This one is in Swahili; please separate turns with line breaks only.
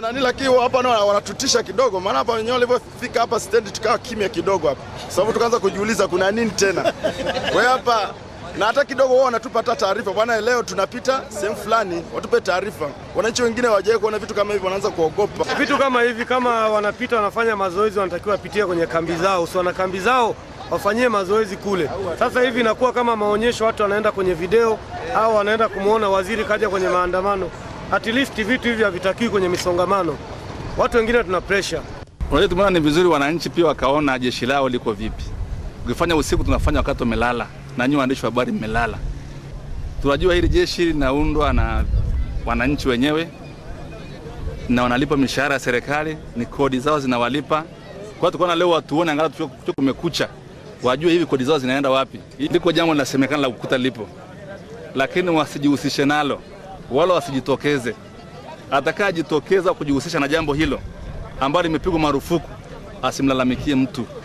nani, lakini hapa na wanatutisha kidogo, maana hapa wenyewe walipofika hapa stendi tukawa kimya kidogo hapa, sababu tukaanza kujiuliza kuna nini tena we hapa na hata kidogo wao wanatupa hata taarifa, bwana, leo tunapita sehemu fulani, watupe taarifa. Wananchi wengine hawajawahi kuona vitu kama hivi, wanaanza kuogopa
vitu kama hivi. Kama wanapita wanafanya mazoezi, wanatakiwa wapitie kwenye kambi zao, sio na kambi zao wafanyie mazoezi kule. Sasa hivi inakuwa kama maonyesho, watu wanaenda kwenye video au wanaenda kumwona waziri kaja kwenye maandamano at least vitu hivi havitakiwi kwenye misongamano. Watu wengine tuna pressure.
Unajua, tumeona ni vizuri wananchi pia wakaona jeshi lao liko vipi. Ukifanya usiku, tunafanya wakati wamelala, na nyinyi waandishi wa habari mmelala. Tunajua hili jeshi linaundwa na wananchi wenyewe na wanalipa mishahara ya serikali, ni kodi zao zinawalipa. Kwa hiyo leo watuone angalau tuko kumekucha, wajue hivi kodi zao zinaenda wapi. Hili jambo linasemekana la kukuta lipo, lakini wasijihusishe nalo wala wasijitokeze. Atakayejitokeza kujihusisha na jambo hilo ambalo limepigwa marufuku asimlalamikie mtu.